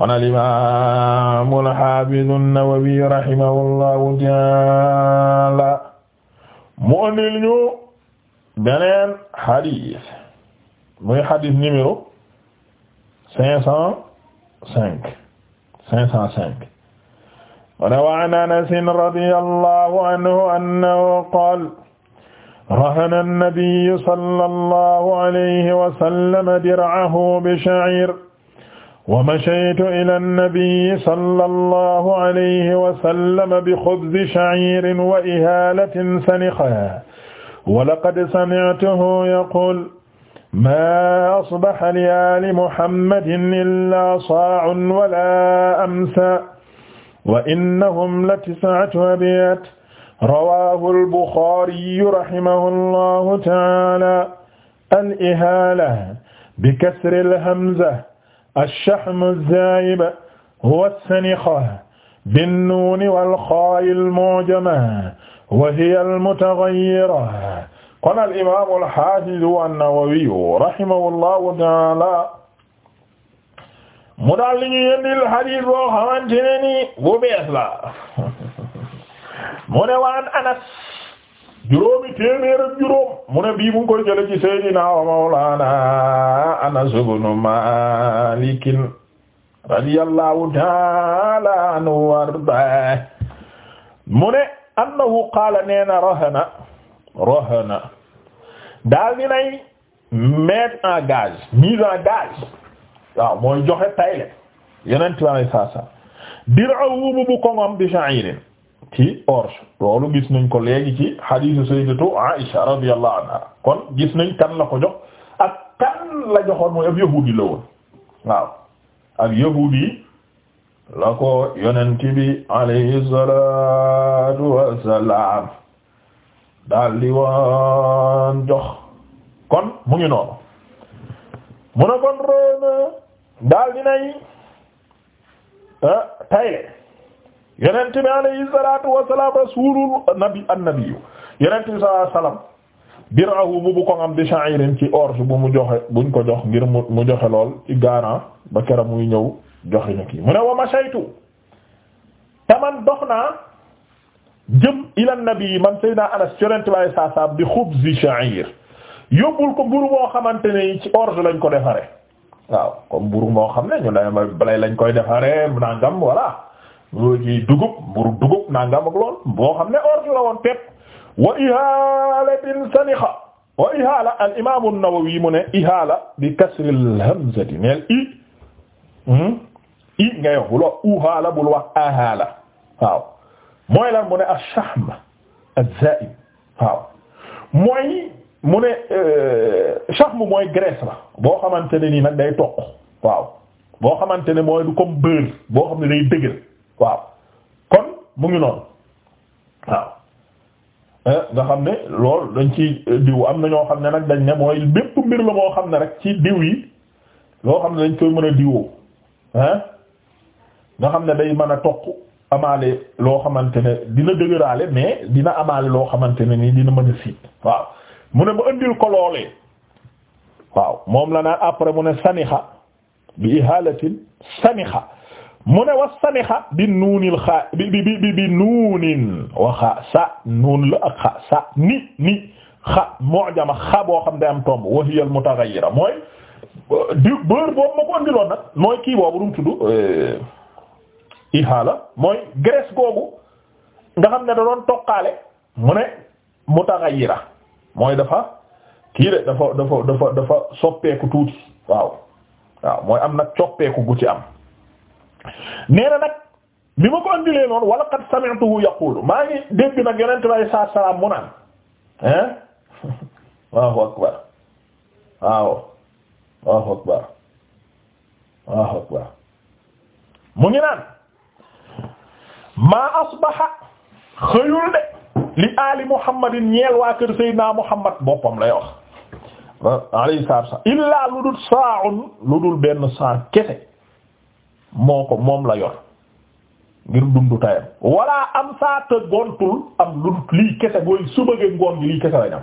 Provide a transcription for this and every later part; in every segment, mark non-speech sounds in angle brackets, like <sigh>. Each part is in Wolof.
kon al-imaam al-haafiz an-Nawawi rahimahullahu ta'aala mu andil ñu beneen hadith muy hadith numéro cinq cent cinq cinq cent cinq wa an Anas radiyallahu anhu annahu qaala rahana an-nabiyyu sallallahu alayhi wa sallam dir'ahu bi sha'ir wa mashaytu ila nabiyyi sallallahu alayhi wa sallam bi xubzi sha'iirin wa ihaalatin saniqatin wa laqad sami'tuhu yaquulu maa asbaha li aali muhammadin illaa saa'un wa laa amsa wa innahum la tis'atu abyaat rawaahu al-Buxaari rahimahullahu ta'aala al-ihaala bi kasri al-hamza ash-shahmu az-zaayib huwa as-saniqa bin-nuuni wal-xaa'i al-mu'jama wa hiya al-mutaghayyira kon al-imaamu al-haafidu an-Nawawi rahimahullahu ta'aala mu daal li ñu yendil hadiis boo xamante ne ni bu bees la <laughs> mu ne waan Anas juróomi téeméer ak juróom mu bii mu ngi koy Seydina wa Mawlana Anas ibn Malik radiyallahu ta'ala anhu warda mu ne annahu qaala neena rahana rahana daal di nay mettre en gage mise en mooy joxe tayle yeneen tubaab yi saa saa dir'ahu bu koŋam bi sha'irin ci orge loolu gis nañ ko léegi ci hadiisu sayyidatu Aisha radiyallahu anha kon gis nañ kan la ko jox ak kan la joxoon mooy ab yahuudi la woon waaw ab yahuudi la ko yonent bi alayhi salaatu wassalaam daal di woon jox kon mu ngi noonu mu ne kon roona daal di nay eh, tayle yonent bi alayhi salaatu wa salaam rasuulul nabi annabi yonent bi salaatu salaam birahu bu bu ko am di sha'irin ci orge bu mu joxe buñ ko jox ngir mu mu joxe lool ci garan ba keroog muy ñëw joxe ñu kii mu ne wa mashaytu taman dox naa jëm ila nabi man sayyidina Anas yonent bi alayhi salaatu wa salaam bi xubzi sha'ir yóbbul ko mburu moo xamante ne ci orge lañ ko defare waaw comme mburu moo xam ne ñu ne balay lañ koy defare nangam voilà. ci dugub mburu dugub nangam ak lool boo xam ne ordre la woon pepp wa ihalatin sanixa wa ihala al imam nawawi mu ne ihala bi kasri al hamzati neel i hmm, i ngay wax bul wax uhaala bul wax ahaala waaw mooy lan mu ne ash-shahm az-za'id waaw mooy mu ne euh, shahm mooy graisse la boo xamante ne nii nag day toq waaw boo xamante ne mooy du comme beurre boo xam ne day dëgër waaw kon mu ngi noonu waaw eh, nga xam ne loolu dañ ci eh, diw am na ñoo xam ne nag dañ ne mooy bépp mbir la moo xam ne rek ci diw yi loo xam ne dañ koy mën a diwoo ah nga xam ne day mën a toq amaale loo xamante ne dina dëgëraale mais dina amaale loo xamante ne nii dina mën a siit waaw mu ne ma indil ko loolee waaw moom la naan après mu ne sanixa bi ihalatin sanixa mu ne wa samiha bi nuunil xaa bi bi bi bi nuunin wa xaa sa nuun la ak xa sa ni ni xa mu'jama xa boo xam ne am tomb wa hiya al mooy du beurre nag mooy kii boobu du mu tudd eh, mooy graisse googu nga xam ne da doon toqaale mu ne mutaghayyira mooy dafa kii de dafa dafa dafa dafa soppeeku tuuti waaw waaw mooy am nag coppeeku gu ci am. nee na nag bi ma ko andilee noonu wala qad sami'tuhu yaqulu maa ngi dégg nag yonent bi alayhi salaam mu naan ah <laughs> Allahu akbar waaw akbar mu ngi maa asbaha xëyul de li ali muhammadin ñeel waa kër Muhammad boppam lay wax alayhi salaatu salaam illaa lu saa kese moo ko moom la yor ngir dundu walla am saata gontul am lu lii kese booy su bëggee ngoon gi kese lañ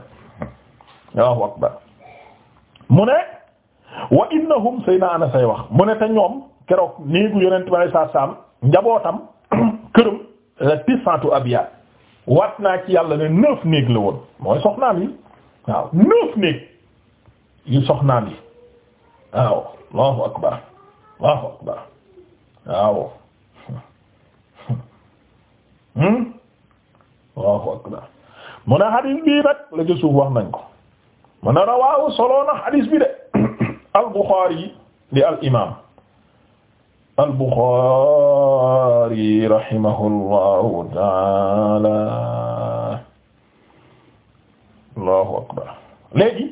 waaw akbar mu ne wa innahum say na ana say wax mu ne te ñoom keroog néegu yonent ba ne saa saam njabootam <clears throat> këram la tisantu abia waat naa ci yàlla ne neuf néeg la woon mooy soxnaam yi waaw neuf néeg yi soxnaam yi waaw allahu akbar allahu akbar waaw waaw hmm? akbar mu ne la ci suuf wax nañ ko mu ne na xadis bi de <coughs> al Buxaari di al imaam al Buxaari rahimahullahu taala akbar léegi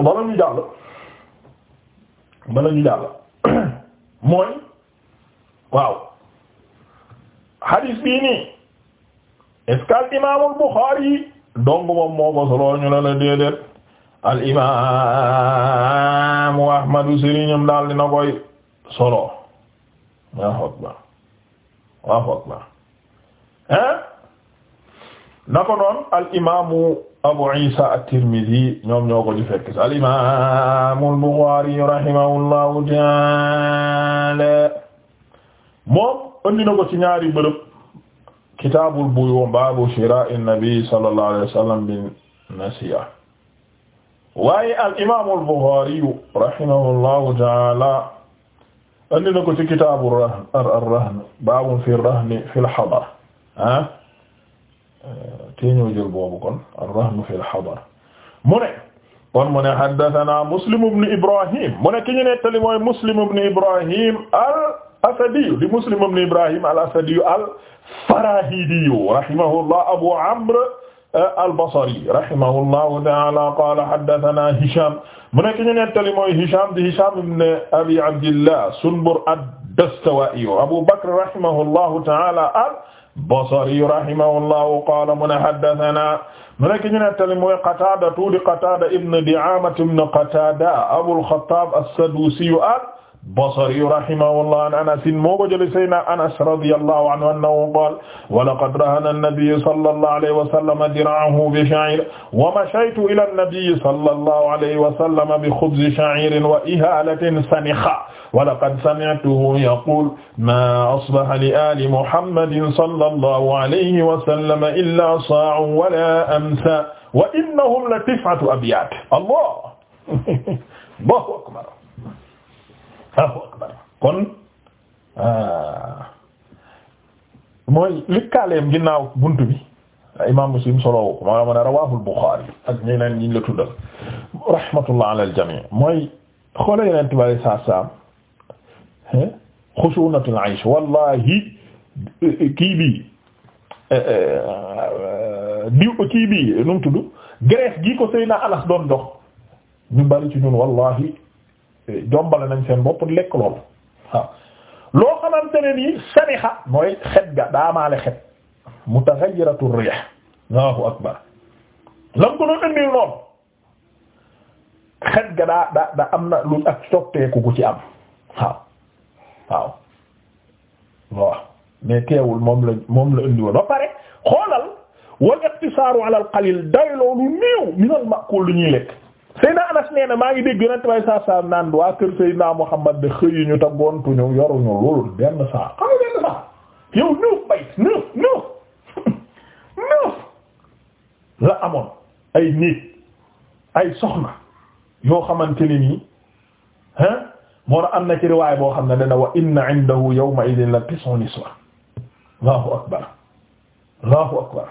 bala ñu jàll bala mooy waaw hadis bii nii est-ce que al imam al Bukhari dong moom moo ko solo ñu la la déedéet al imam ahmadu sëriñam daal dina koy solo waa foog ba waa foog ba hein na ko noon al imamu Abu Isa at-Tirmidhi ñoom ñoo ko di fekk al imaam al-Bukhari rahimahullahu ta'ala moom andi na ko ci ñaari bërëb kitaabul buyu' baabu shiraa'i an-nabi sallallahu alayhi wa sallam bin nasiya waaye al imaam al-Bukhari rahimahullahu ta'ala andi na ko ci kitaabu ar-rahn baabu fi ar-rahn fi al-hadar ah. tey ñoo jël boobu kon ar-rahnu fil hadar mu ne kon mu ne haddathana muslim ibn ibrahim mu ne ki ñu nettali mooy muslim ibn ibrahim al-asadi di muslim ibn ibrahim al-asadi al-farahidi rahimahullah abu amr al-basri rahimahullahu ta'ala qala haddathana hisham mu ne ki ñu nettali mooy hisham di hisham ibn abi abdillah sunbur ad-dastawa'i abu bakr rahimahullahu ta'ala Basri rahimahullahu qaala mu ne haddasanaa mu nekk ñu nettali mooy Qataada tuudi Qataada ibn Di'aamata ibn Qataada Abul Xattaab as-Saduusi Basri rahimahullah an Anas moo ko jëlee Seydina Anas radiyallahu anhu annahu qaala wa laqad rahana an-nabiyyu sallallahu alayhi wa sallam dir'ahu bi sha'ir wa mashaytu ila an-nabiyyi sallallahu alayhi wa sallam bi khubzi sha'irin wa ihalatin sanikha wa laqad sami'tuhu yaqulu ma asbaha li ali Muhammadin sallallahu alayhi wa sallam illa saa'un wa la amsa wa innahum la tis'atu abyat Allah <laughs> Allahu akbar waaw kon euh, mooy lëkkaaleem ginnaaw bunt bi imam Muslim solowo ko maa ma ne rawaahul Buxaari ak ñeneen ñi ñu tuddal rahmatullah ala al jamii mooy xoola yenent bale saa kii bi euh, euh, diw kii bi nu mu tudd grèce ko Seydina Anas doon dox ci ñun wallahi jombale nañ seen bopp lekk loolu waaw loo xamante ne nii sarixa mooy xet ga daamaale xet mutaghayyiratu rih Allahu akbar lam ko doon indil noonu xet ga daa am na lu ak soppeeku gu ci am waaw waaw waaw mais teewul moom la moom la indi pare xoolal wal iqtisaaru ala al qalil day min al lu ñuy lekk Seydina Anas nee na maa ngi dégg yonent bay saa saa naan waa kër Seydina Muhammad de xëyuñu te gontuñu yoruñu loolu benn saa xam benn saa yow neuf bay neuf neuf <laughs> neuf la amoon ay nit ay soxna yoo xamante ne nii ah moo am na ci riwaay boo xam ne dana wa inna indahu yawma idin la tis'u niswa Allahu akbar Allahu akbar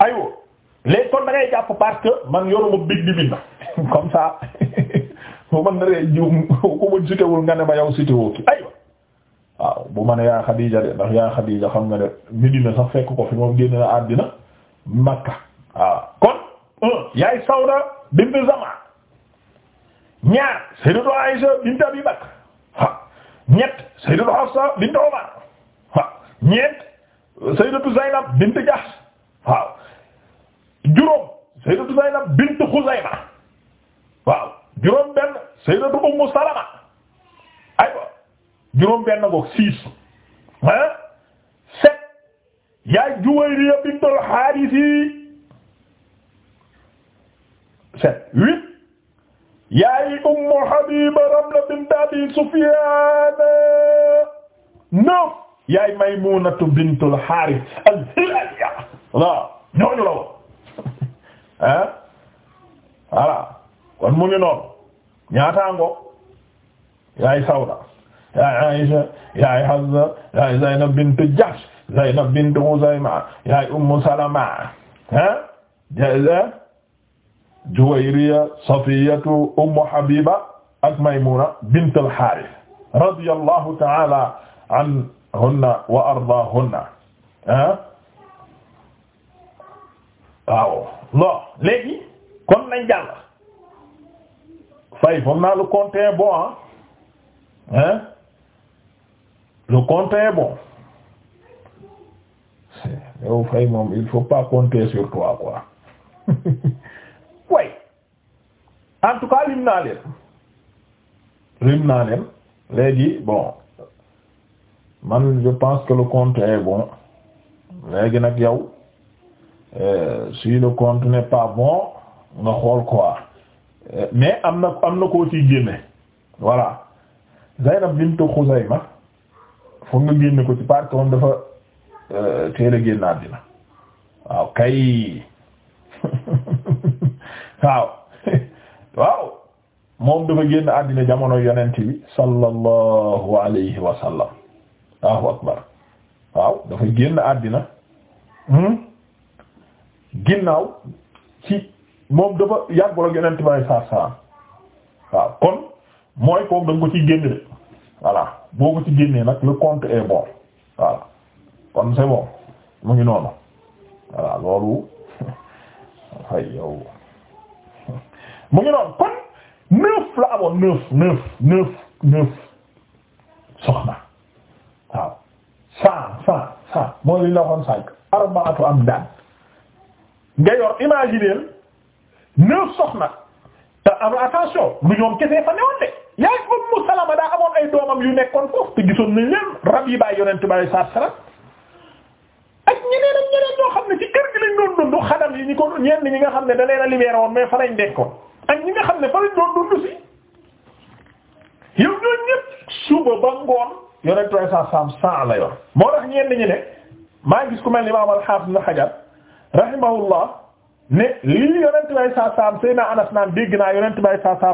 aywa léegi kon da jàpp parce man yoruma big di bind <laughs> comme ça <laughs> bu man naree jiw ku ma sitewul nga ne ma yow sitewoo ki aywa waaw bu ma ne yaa Xadiija de ndax yaa Xadiija xam nga ne Medina sax fekk ko fi moom génn na àddina Makka waaw kon yaay Sawda bint Zama ñaar Sayyidatu Aisha bint Abi Bakr ha ñett Sayyidatu Hafsa bint Umar ha ñeent Sayyidatu bint Jahsh waaw juróom sayyidatu Zaynab bint Xuzayma waaw juróom benn sayyidatu Ummu Salama aywa juróom benn goog six ah sept yaay Juwayriya bint al-Haarisi sept huit yaay Ummu Habiba Ramla bint Abi Sufyaan neuf yaay Maymuunatu bint al-Haaris al-Hilaaliya waaw ñooñu la woon ah voilà kon mu ngi noonu ñaataango yaay Sawda yaay Aisha yaay Hafsa yaay Zaynab bint Jahsh Zaynab bint Khuzayma yaay Ummu Salama ah jaza Juwayriya Safiyatu Ummu Habiba ak Maymuna bint al-Harith radiyallahu ta'ala anhunna wa ardaahunna ah waaw non léegi kon nañ jàll fay foog naa le compte est bon ah hein le compte est bon yow fay moom il faut pas compter sur toi quoi <laughs> way en tout cas lim naa leen lim naa leen léegi bon man je pense que le compte est bon léegi nag yow Euh, si le compte n'est pas bon nga xool quoi euh, mais am na am na koo ci génne voilà Zaynab bintu Xuzayma foog nga génne ko ci parce que moom dafa euh, teel a génn àddina waaw kay <laughs> <laughs> waaw moom dafa génn àddina jamono yonent bi sallallahu alayhi wa sallam Allahu akbar waaw dafa génn àddina hmm? ginnaaw ci moom dafa yàggul ak yonent bi saa saa waaw kon mooy kooku da ko ci génne de boo ko ci génnee nag le compte est bon kon c'est mu ngi noonu voilà loolu <laughs> <laughs> mu ngi noonu kon neuf la amoon neuf neuf neuf neuf soxna waaw cent cent cent mooy li la waxoon sànq arbaatu am daan nga yor imaginer neuf soxna te am attention lu ñoom kese fa newoon de yaay Ummu Salama daa amoon ay doomam yu nekkoon ko te gisoon nañ leen rab yi bàyyi yonent bi sallallahu alayhi wasallam ak ñeneen ak ñeneen ñoo xam ne ci yi ñi ñi nga ne da leen a libéré woon mais fa lañ dekkoon ak ñi nga xam ne fa lañ doon dund si yow ñooñu ñëpp suba ba ngoon yonent bi sallallahu alayhi wasallam saa la yor moo tax ñenn ñi maa gis ku mel ni Imaam al-Hafiz Ibn Hajar rahimahullah ne lii yonent bay saa saam Seydina Anas dégg naa yonent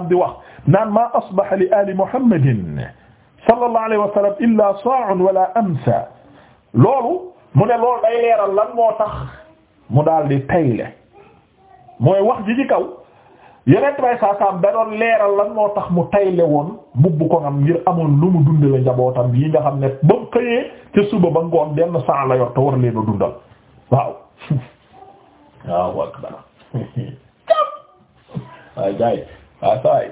di wax naan maa asbaha li ali Muhammadin sallallahu alayhi wa sallam illa wala amsa loolu mu ne day leeral lan moo tax mu daal di tayle mooy wax ji ci kaw yonent bay saa saam leeral lan moo tax mu tayle woon mbubb ko ngam amoon lu mu dundale njabootam yi nga xam ne ba mu xëyee ca suba ba ngoon benn saa la yor war leen a dundal <laughs> waaw wak dara waaye gars yi saa yi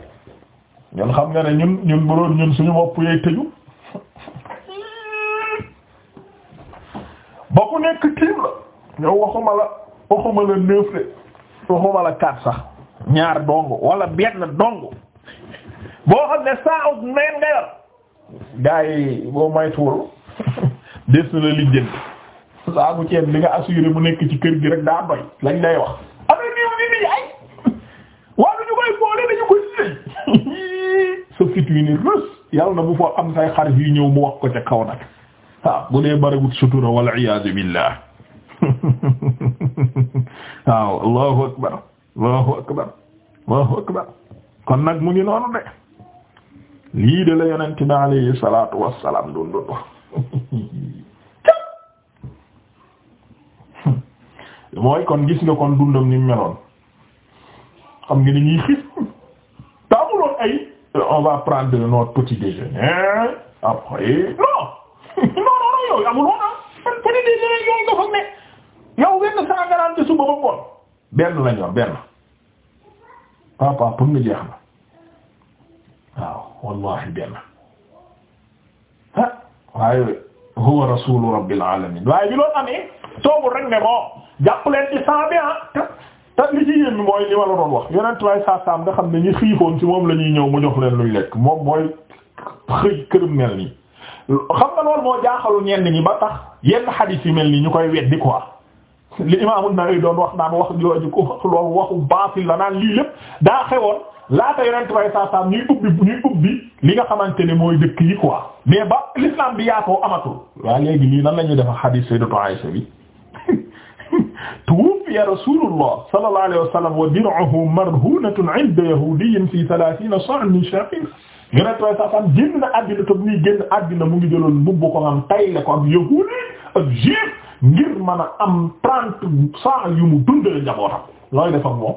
ñun xam nga ne ñun ñun bu ñun suñu bopp yee tëju ba ku nekk tiim la ñoo waxuma la waxuma la neuf waxuma la quatre sax ñaar dong wala benn dong boo xam ne saa ut neen nga yor gars boo may tuuru <laughs> des na la saaku ceeb li nga mu nekk ci kër gi rek daa doy lañ lay wax amee niw ni nii ay waa lu ñu koy boole dañu koy sëy <laughs> sa fit wi ni rës yàlla na bu fa am say xarit yu ñëw mu wax ko ca kaw nag waaw bu dee baragut sutura wal iyaadu billah <laughs> waaw allahu akbar allahu akbar kon nag mu ngi noonu de lii de la yonent bi alayhi salaatu wassalaam dundun <laughs> mooy kon gis nga kon dundam ni meloon xam nga ni ñuy xiif taamuloon ay euh, on va prendre notre petit déjeuner après <laughs> non non non yooyu amul woon ah petit déjeuner yooyu nga foog ne yow benn saa garaan te suba ba benn la benn papa pour nga jeex na waaw wallahi benn ah waaye huwa rasulu rabbil alamin waaye bi loolu amee toogul rek ne bon jàpp leen ci cent bi ah te te li ci yéen mooy li ma la wax yonent saasaam nga xam ne ñi xiifoon ci moom la ñuy ñëw mu jox leen luñ lekk moom mooy xëy kërum mel nii xam nga loolu moo jaaxalu ñenn ñi ba tax yenn hadith yi mel nii ñu koy weddi quoi li Imaam An-Nawawi doon wax naan wax jooju ko wax loolu waxu baatil la naan lii lépp daa xewoon laata yonent way saasaam ñuy ubbi ñuy ubbi li nga xamante ne mooy dëkk yi quoi mais ba l'islam bi yaatoo amatul. waa léegi nii nan la ñuy def hadith Sayyidatu Aisha bi <laughs> tuwuffiya rasulullah sallallahu alayhi wa sallam wa dir'uhu marhunatun 'inda yahudiyyin fi thalathina sa'n sha'ir yonent way sa sam génn na àddina te nii génn àddina mu ngi jëloon mbubb ko xam tay le ko ak yahuudi ak juif ngir mën a am trente saa yu mu dundale njabootam looy defam moom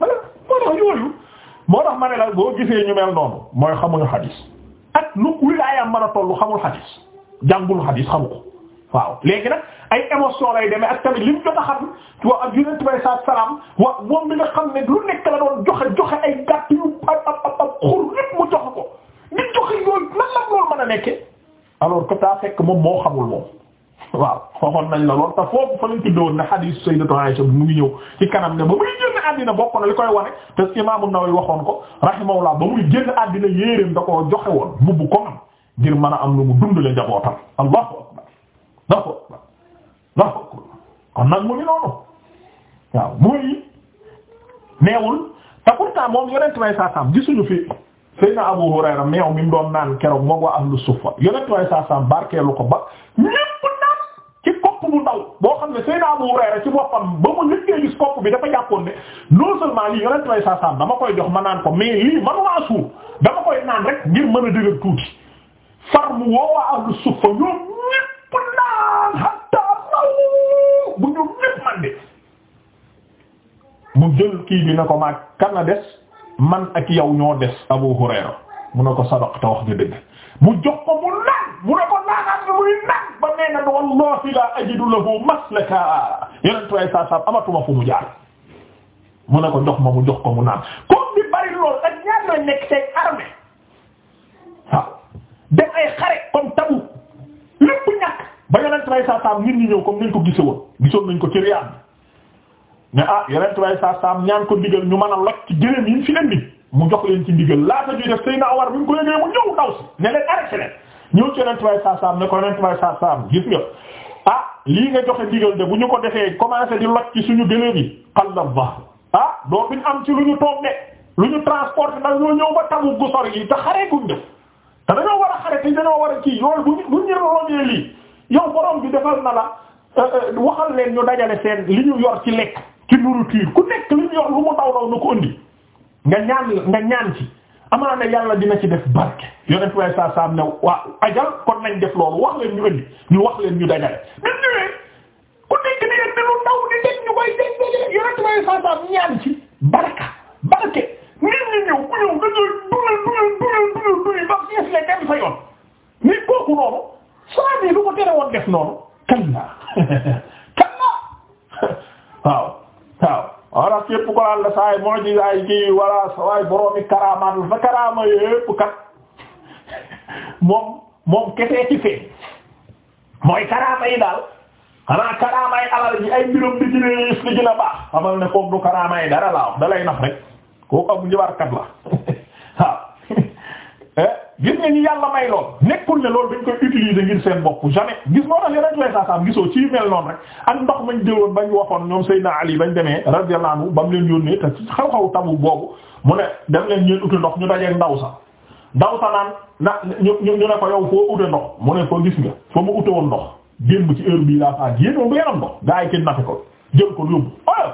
voilà moo tax yooyu moo tax ma ne la boo gisee ñu mel noonu mooy xamuñu xadis ak lu wilaayam mën a tollu xamul xadis jàngul xadis xamu ko waaw léegi nag ay émotion lay demee ak tamit lim jot a xam wa ak bi saa moom mi nga xam ne lu nekk la doon joxe joxe ay gàtt yu ab ab mu joxe ko ni joxe yooyu lan la loolu mën a nekke alors que daa fekk moom moo xamul moom waaw na nañ la lool te foofu fa lañ tuddoon ne hadith sayyidatu Aisha mu ngi ñëw ci kanam ne ba muy génn àddina bokk na li koy wane te Imam An-Nawawi waxoon ko rahimahullah ba muy génn àddina yéeréem da koo joxe woon mbubb ko am ngir mën a am lu mu dundale njabootam na ko nag mu ngi noonu waaw mooy neewul te pourtant moom yonent way saasaam gisuñu fi Seydina Abu Hurayra meew mi mu naan keroog moom waa ahlu suffa yonent way saasaam barkeelu ko ba xam ne Seydina Abu mu njëkkee gis kopp bi dafa jàppoon ne non seulement lii yonent saasaam dama koy jox ma naan ko mais lii manuma suur dama koy naan rek ngir mën a dëgër tuuti far mu woo waa ahlu suffa ñoom ñépp bu naan hatta maw bu ñu ñépp man de mu jël kii bi na ko maag kan na des man ak yow ñoo des Abu Hurayra mu ne ko sadaqta wax nga dëgg mu jox ko mu naan mu ne ko naanaat bi muy naan ba nee na wallahi la ajidu lahu maslaka yeneen tuwaay saa amatuma fu mu jaar mu ne ko jox ma mu jox ko mu naan comme bi bari lool ak ñaar ñooy nekk tey armée waaw def ay xare comme Tabuk lépp ba yonent bay saa saam ngir ñu ñëw comme nañ ko gise woon gisoon nañ ko ci riyaat bi ne ah yonent bay saa saam ñaan ko ndigal ñu mën a loj ci gëléem yi fi indi mu jox leen ci ndigal laata ñuy def Seydina Umar bi mu ko yëgee mu ñëw daw si ne leen arrêté leen ñëw ci yonent bay ne ko yonent bay saa saam gis nga ah lii nga joxe ndigal de bu ñu ko defee commencé di loj ci suñu gëléem yi xalla ba ah doo biñ am ci lu ñu toog de lu ñu transporté nag ñoo ñëw ba tabu gu sor yi te xaree guñ def a a kii yooyu buñ buñ ñëw lii yow borom bi defal na la euh, euh, waxal leen ñu dajale seen li ñu yor ci lekk ci nourriture ku nekk li ñu yor lu mu daw daw na ko indi nga ñaan nga ñaan ci amaana yàlla dina ci def barke yonent waaye saa saa am ne waa ajal kon nañ def loolu wax leen ñu indi ñu wax leen ñu dajale ñu ñëwee ku nekk ni yéen lu ndaw di ñu koy dégg dégg yonent waaye saa saa am ñaan ci barka barke sa yoon nit kooku noonu saa bi lu ko tere woon def noonu kallaa <laughs> kallaa <laughs> waaw waaw walla képp ko laal la saay moo ci ay kii walla sa waay boroomi karaamaat la sa karaama yépp kat <laughs> moom moom kesee ci fee mooy karaama yi daal xanaa karaamay alal ji ay mbirum di gën a yées li gën a baax xamal ne kooku du karaamay dara laa wax dalay nax rek kooku am njibarkat la Eh, gis nga ñi yàlla may lool nekkul ne loolu dañ koy utiliser ngir seen bopp jamais gis moo tax yeneen lay saa saam gisoo ci mel noonu rek ak ndox mañ jëloon bañ waxoon ñoom Seydina Ali bañ demee radiyallahu anhu ba mu leen yónnee te xaw-xaw tabu boobu mu ne dem leen ñeen uti ndox ñu dajeeg ndaw sa ndaw sa naan na ñu ñu ne ko yow foo ute ndox mu ne ko gis nga fa mu ute woon ndox démb ci heure bii laa fa yéen moom bu yaram ndox gaa yi kenn nafe ko jël ko yóbbu ah!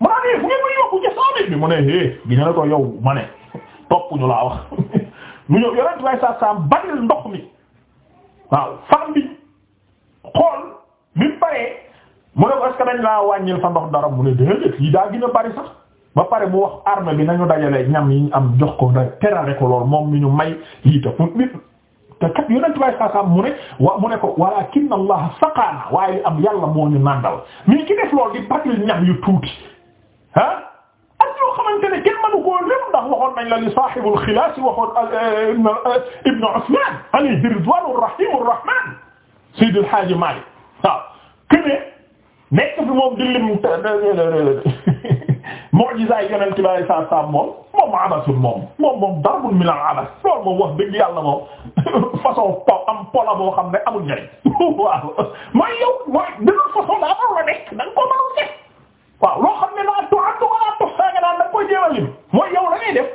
mu naan eh, fu ngeen may yóbbu ci saa bi mu eh, gi ñu ne ko yow ma ne <laughs> topp wax <laughs> mu ñëw yonent way sa saam baril ndox mi waaw fan bi xool mu ne ko est dañ laa wàññil sa ndox dara mu ne déedéet yi daa ba pare mu wax arme bi nañu dajale ñam yi ñu am jox ko da lool moom mi ñu may lii ta kat yonent way sa mu ne wa mu ne ko walakin allah saqaana waaye am yàlla moo ñu nàndal mais ki def lool di baril ñam yu tuuti ah xamante ne kenn mënu koo lim ndax waxoon nañ la li saahibul xilaas waxoon euh, euh, euh, Ibn Usmaan alayhi ridwaanu rahiimu rahmaan Seydi El Hadji Malick waaw këne nekk fi moom di lim <laughs> mu'jizaay Yonent bi alayhi salaatu salaam moom moom abasul moom moom moom darbun min al-abas loolu moom wax dëgg yàlla moom <laughs> façon po am pola boo xam ne amul njariñ <laughs> waaw mooy yow mooy beneen façon daa war a nekk da nga ko mën a nekk waaw loo xam ne laa tu ànd ko laa tux nga naan da koy jéem a lim mooy yow da def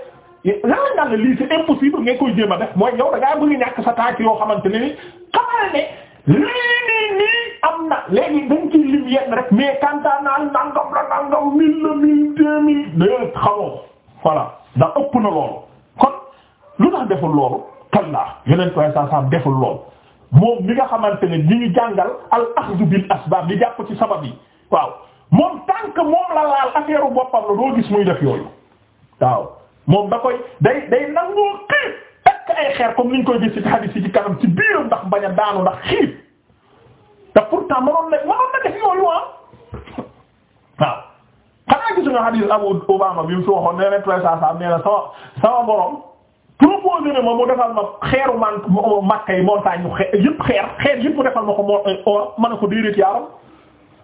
lan nga koy mooy yow da ngaa bëgg ñàkk yoo xamante ne lii nii nii am na léegi dañ ciy lim yenn rek mais kantaan naan nangam la nangam mille la mille deux mille xamoo voilà da ëpp na loolu kon lu tax deful loolu kallaa yeneen toy sa sam deful loolu moom mi nga xamante ne li jàngal al axdu bil asbab li ci sabab yi waaw moom tant que moom la laal affaire boppam la doo gis muy def yooyu waaw moom da koy day day nangoo xiif takk ay xeer comme niñ koy gis ci hadith yi ci kanam ci biiram ndax bañ a daanu ndax xiif te pourtant mënoon na mënoon na def yooyu ah waaw xanaa gis nga hadith Abu Obama bi mu fi waxoon nee na trois cent cent nee na sama sama borom proposé ne ma mu defal ma xeeru man Makka yi montagne yëpp xeer xeer yëpp mu defal ma ko moo or mën a ko déedéet yaaram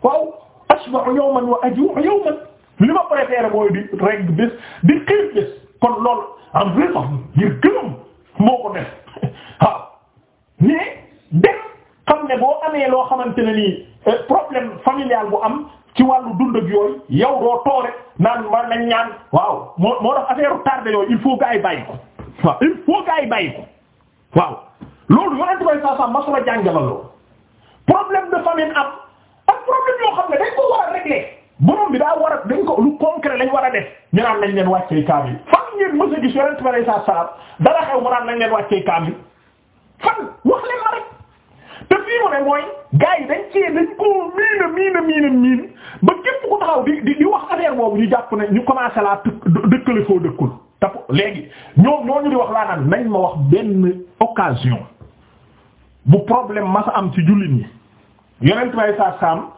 waaw. asba'u yawman wa aju'u yawman li ma préféré mooy di reg bés di xiif bés kon lool am raison ngir gërëm moo ko def <laughs> waaw mais def xam ne boo amee loo xamante ne nii eh, problème familial bu am ci wàllu dund ak yooyu yow doo toore naan man nañ ñaan waaw moo moo tax affaire tardé yooyu il faut gaa yi ko il faut gaa yi ko waaw loolu yonent bay saa sa masula jàngalal loolu problème de famille am problème yoo xam ne dañ ko war a régler borom bi daa war dañ ko lu concret lañ war a def ñu naan nañ leen wàccee kaamil fan ngeen mës a gis yonent bi alayhi salaam dara xew mu naan nañ leen wàccee kaamil fan wax leen ma rek te fii mu ne mooy gars yi dañ cee dañ koo miina miina miina miin ba képp ku taxaw di di di wax affaire boobu ñu jàpp ne ñu commencé laa dëkkale foo dëkkul tap léegi ñoom ñooñu di wax laa naan nañ ma wax benn occasion bu problème masa am ci jullit ñi yonent bay sa saam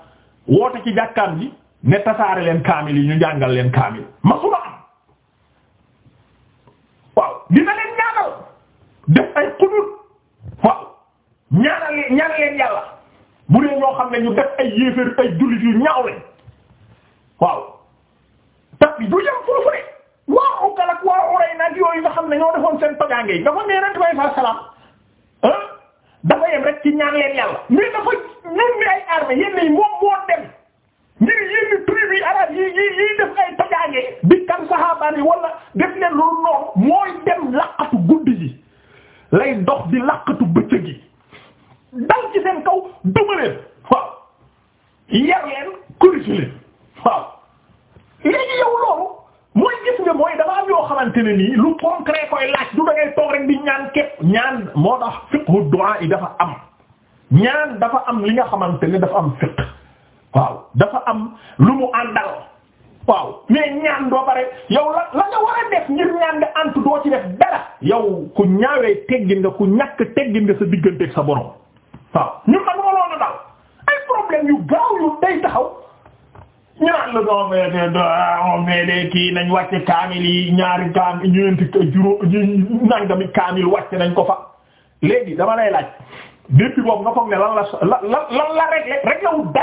woote ci jàkkaam ji ne tasaare leen kaamil yi ñu jàngal leen kaamil masula am waaw dina leen ñaanal def ay xudut waaw ñaanal leen yàlla bu dee ñoo xam ne ñu def ay yéeféer ay jullit yu ñaaw lañ waaw tax du yem foofu rek waa Ukkal ak waa Urayna yooyu nga xam ne ñoo defoon seen pagaange yi dafa ne yonent salaam dafa yem rek ci ñaan leen yàlla mais dafa ñun ni ay armée yenn yi moom moo dem ngir yenn tribu yi arab yi yi yi def ay tojaange bi kan saxaabaan yi wala def leen loolu noonu mooy dem laqatu guddi yi lay dox di laqatu bëccëg yi dal ci seen kaw duma yar leen corrigé leen xamante ne nii lu concret koy laaj du da toog rek di ñaan képp ñaan moo tax fiqhu du'a yi dafa am ñaan dafa am li nga xamante ne dafa am fiqh waaw dafa am lu mu àndal waaw mais ñaan doo bare yow la la nga war a def ngir ñaan nga antu doo ci def dara yow ku ñaawee teggin nga ku ñàkk teggin nga sa digganteeg sa borom waaw ñun nag looloo na daal ay problème yu gaaw yu day taxaw. ñu naan la doon ah, oh, mais doon mais kii nañ wàcce kaamil yi ñaari kaamil ñeenti juróom nangami kaamil wàcce nañ ko fa léegi dama lay laaj depuis boobu nga foog ne lan la lan la réglé réglé wu